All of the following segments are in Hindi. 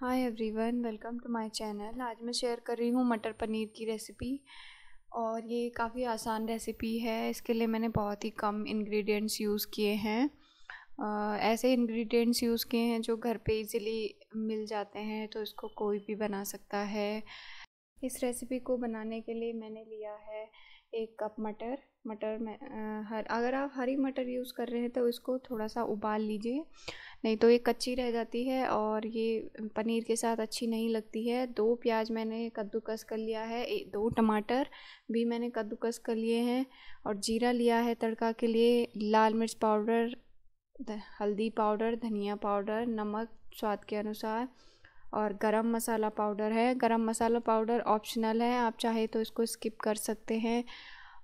hi everyone welcome to my channel आज मैं शेयर कर रही हूँ मटर पनीर की रेसिपी और ये काफ़ी आसान रेसिपी है इसके लिए मैंने बहुत ही कम इंग्रेडिएंट्स यूज़ किए हैं ऐसे इंग्रेडिएंट्स यूज़ किए हैं जो घर पे इजीली मिल जाते हैं तो इसको कोई भी बना सकता है इस रेसिपी को बनाने के लिए मैंने लिया है एक कप मटर मटर में हर अगर आप हरी मटर यूज़ कर रहे हैं तो इसको थोड़ा सा उबाल लीजिए नहीं तो ये कच्ची रह जाती है और ये पनीर के साथ अच्छी नहीं लगती है दो प्याज मैंने कद्दूकस कर लिया है दो टमाटर भी मैंने कद्दूकस कर लिए हैं और जीरा लिया है तड़का के लिए लाल मिर्च पाउडर हल्दी पाउडर धनिया पाउडर नमक स्वाद के अनुसार और गरम मसाला पाउडर है गरम मसाला पाउडर ऑप्शनल है आप चाहे तो इसको स्किप कर सकते हैं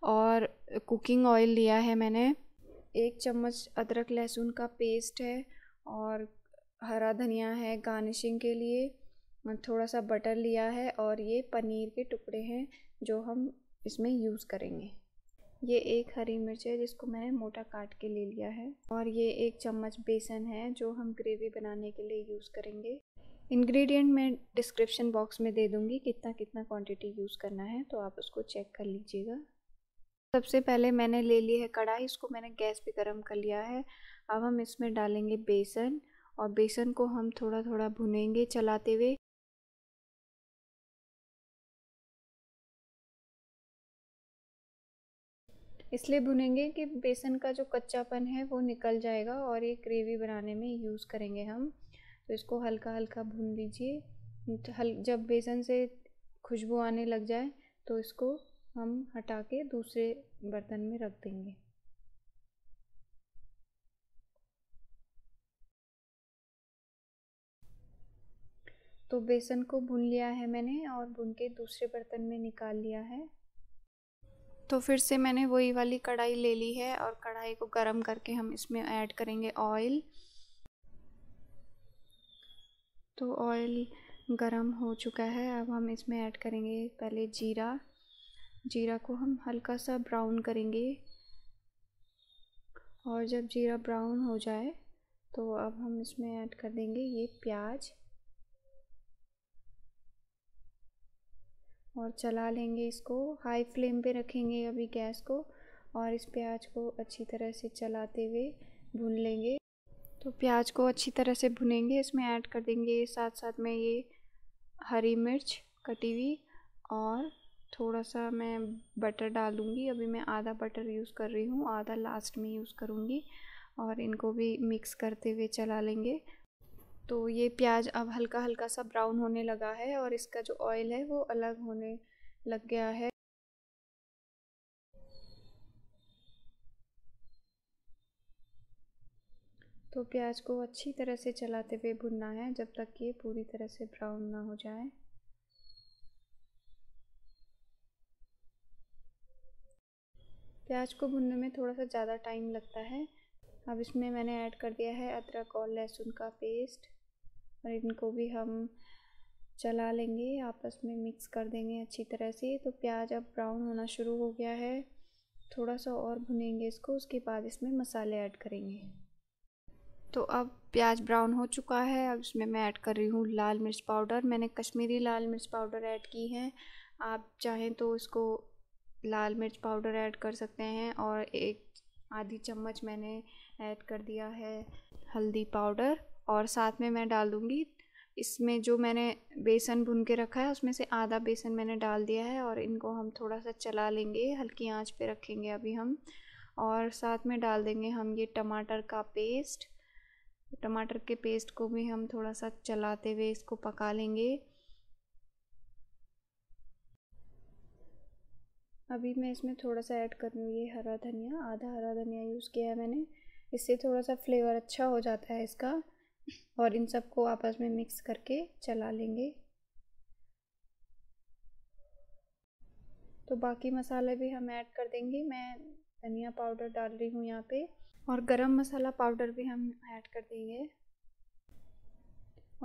और कुकिंग ऑयल लिया है मैंने एक चम्मच अदरक लहसुन का पेस्ट है और हरा धनिया है गार्निशिंग के लिए थोड़ा सा बटर लिया है और ये पनीर के टुकड़े हैं जो हम इसमें यूज़ करेंगे ये एक हरी मिर्च है जिसको मैंने मोटा काट के ले लिया है और ये एक चम्मच बेसन है जो हम ग्रेवी बनाने के लिए यूज़ करेंगे इंग्रेडिएंट मैं डिस्क्रिप्शन बॉक्स में दे दूँगी कितना कितना क्वांटिटी यूज़ करना है तो आप उसको चेक कर लीजिएगा सबसे पहले मैंने ले ली है कढ़ाई इसको मैंने गैस पे गर्म कर लिया है अब हम इसमें डालेंगे बेसन और बेसन को हम थोड़ा थोड़ा भुनेंगे चलाते हुए इसलिए भुनेंगे कि बेसन का जो कच्चापन है वो निकल जाएगा और ये ग्रेवी बनाने में यूज़ करेंगे हम तो इसको हल्का हल्का भून दीजिए हल जब बेसन से खुशबू आने लग जाए तो इसको हम हटा के दूसरे बर्तन में रख देंगे तो बेसन को भुन लिया है मैंने और भुन के दूसरे बर्तन में निकाल लिया है तो फिर से मैंने वही वाली कढ़ाई ले ली है और कढ़ाई को गर्म करके हम इसमें ऐड करेंगे ऑयल तो ऑयल गरम हो चुका है अब हम इसमें ऐड करेंगे पहले जीरा जीरा को हम हल्का सा ब्राउन करेंगे और जब जीरा ब्राउन हो जाए तो अब हम इसमें ऐड कर देंगे ये प्याज और चला लेंगे इसको हाई फ्लेम पे रखेंगे अभी गैस को और इस प्याज को अच्छी तरह से चलाते हुए भून लेंगे तो प्याज को अच्छी तरह से भुनेंगे इसमें ऐड कर देंगे साथ साथ में ये हरी मिर्च कटी हुई और थोड़ा सा मैं बटर डालूँगी अभी मैं आधा बटर यूज़ कर रही हूँ आधा लास्ट में यूज़ करूँगी और इनको भी मिक्स करते हुए चला लेंगे तो ये प्याज अब हल्का हल्का सा ब्राउन होने लगा है और इसका जो ऑयल है वो अलग होने लग गया है तो प्याज को अच्छी तरह से चलाते हुए भुनना है जब तक कि पूरी तरह से ब्राउन ना हो जाए प्याज को भुनने में थोड़ा सा ज़्यादा टाइम लगता है अब इसमें मैंने ऐड कर दिया है अदरक और लहसुन का पेस्ट और इनको भी हम चला लेंगे आपस में मिक्स कर देंगे अच्छी तरह से तो प्याज अब ब्राउन होना शुरू हो गया है थोड़ा सा और भुनेंगे इसको उसके बाद इसमें मसाले ऐड करेंगे तो अब प्याज ब्राउन हो चुका है अब इसमें मैं ऐड कर रही हूँ लाल मिर्च पाउडर मैंने कश्मीरी लाल मिर्च पाउडर ऐड की है आप चाहें तो इसको लाल मिर्च पाउडर ऐड कर सकते हैं और एक आधी चम्मच मैंने ऐड कर दिया है हल्दी पाउडर और साथ में मैं डाल दूँगी इसमें जो मैंने बेसन भुन के रखा है उसमें से आधा बेसन मैंने डाल दिया है और इनको हम थोड़ा सा चला लेंगे हल्की आंच पे रखेंगे अभी हम और साथ में डाल देंगे हम ये टमाटर का पेस्ट टमाटर के पेस्ट को भी हम थोड़ा सा चलाते हुए इसको पका लेंगे अभी मैं इसमें थोड़ा सा ऐड कर ये हरा धनिया आधा हरा धनिया यूज़ किया है मैंने इससे थोड़ा सा फ्लेवर अच्छा हो जाता है इसका और इन सबको आपस में मिक्स करके चला लेंगे तो बाकी मसाले भी हम ऐड कर देंगे मैं धनिया पाउडर डाल रही हूँ यहाँ पे और गरम मसाला पाउडर भी हम ऐड कर देंगे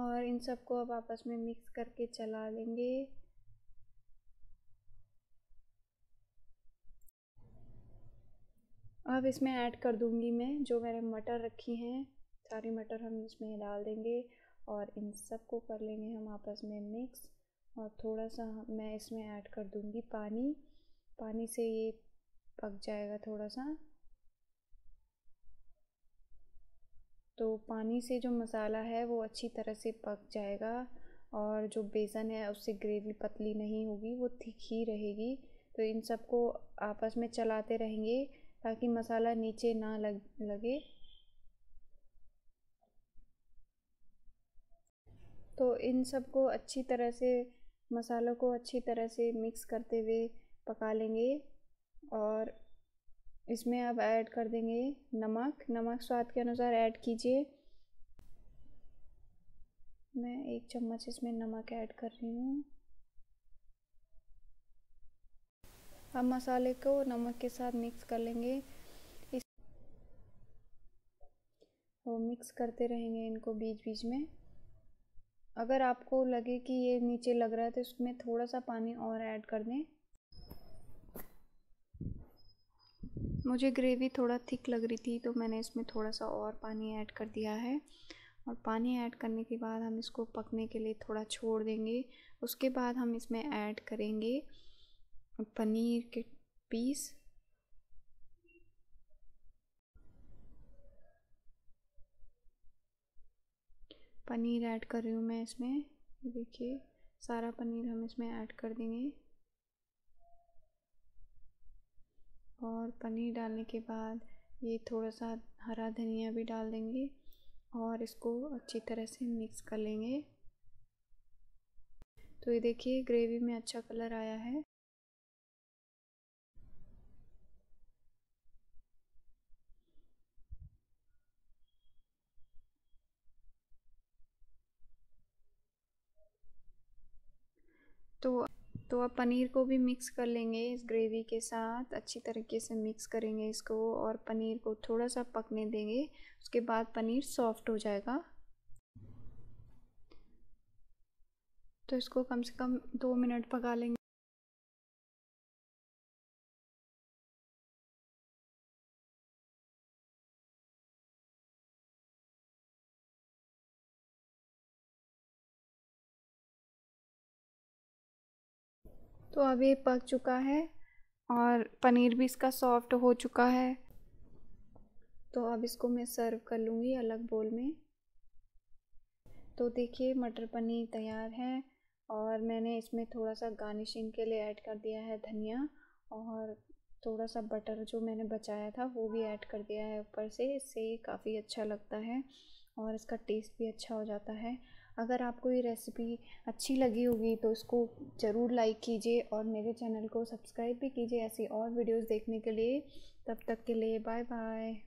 और इन सबको अब आपस में मिक्स करके चला लेंगे अब इसमें ऐड कर दूंगी मैं जो मैंने मटर रखी हैं सारी मटर हम इसमें डाल देंगे और इन सब को कर लेंगे हम आपस में मिक्स और थोड़ा सा मैं इसमें ऐड कर दूंगी पानी पानी से ये पक जाएगा थोड़ा सा तो पानी से जो मसाला है वो अच्छी तरह से पक जाएगा और जो बेसन है उससे ग्रेवी पतली नहीं होगी वो तीखी रहेगी तो इन सबको आपस में चलाते रहेंगे ताकि मसाला नीचे ना लग लगे तो इन सबको अच्छी तरह से मसालों को अच्छी तरह से मिक्स करते हुए पका लेंगे और इसमें आप ऐड कर देंगे नमक नमक स्वाद के अनुसार ऐड कीजिए मैं एक चम्मच इसमें नमक ऐड कर रही हूँ अब मसाले को नमक के साथ मिक्स कर लेंगे इस वो मिक्स करते रहेंगे इनको बीच बीच में अगर आपको लगे कि ये नीचे लग रहा है तो इसमें थोड़ा सा पानी और ऐड कर दें मुझे ग्रेवी थोड़ा थिक लग रही थी तो मैंने इसमें थोड़ा सा और पानी ऐड कर दिया है और पानी ऐड करने के बाद हम इसको पकने के लिए थोड़ा छोड़ देंगे उसके बाद हम इसमें ऐड करेंगे पनीर के पीस पनीर ऐड कर रही हूँ मैं इसमें देखिए सारा पनीर हम इसमें ऐड कर देंगे और पनीर डालने के बाद ये थोड़ा सा हरा धनिया भी डाल देंगे और इसको अच्छी तरह से मिक्स कर लेंगे तो ये देखिए ग्रेवी में अच्छा कलर आया है तो तो अब पनीर को भी मिक्स कर लेंगे इस ग्रेवी के साथ अच्छी तरीके से मिक्स करेंगे इसको और पनीर को थोड़ा सा पकने देंगे उसके बाद पनीर सॉफ्ट हो जाएगा तो इसको कम से कम दो मिनट पका लेंगे तो अब ये पक चुका है और पनीर भी इसका सॉफ्ट हो चुका है तो अब इसको मैं सर्व कर लूँगी अलग बोल में तो देखिए मटर पनीर तैयार है और मैंने इसमें थोड़ा सा गार्निशिंग के लिए ऐड कर दिया है धनिया और थोड़ा सा बटर जो मैंने बचाया था वो भी ऐड कर दिया है ऊपर से इससे काफ़ी अच्छा लगता है और इसका टेस्ट भी अच्छा हो जाता है अगर आपको ये रेसिपी अच्छी लगी होगी तो इसको ज़रूर लाइक कीजिए और मेरे चैनल को सब्सक्राइब भी कीजिए ऐसी और वीडियोस देखने के लिए तब तक के लिए बाय बाय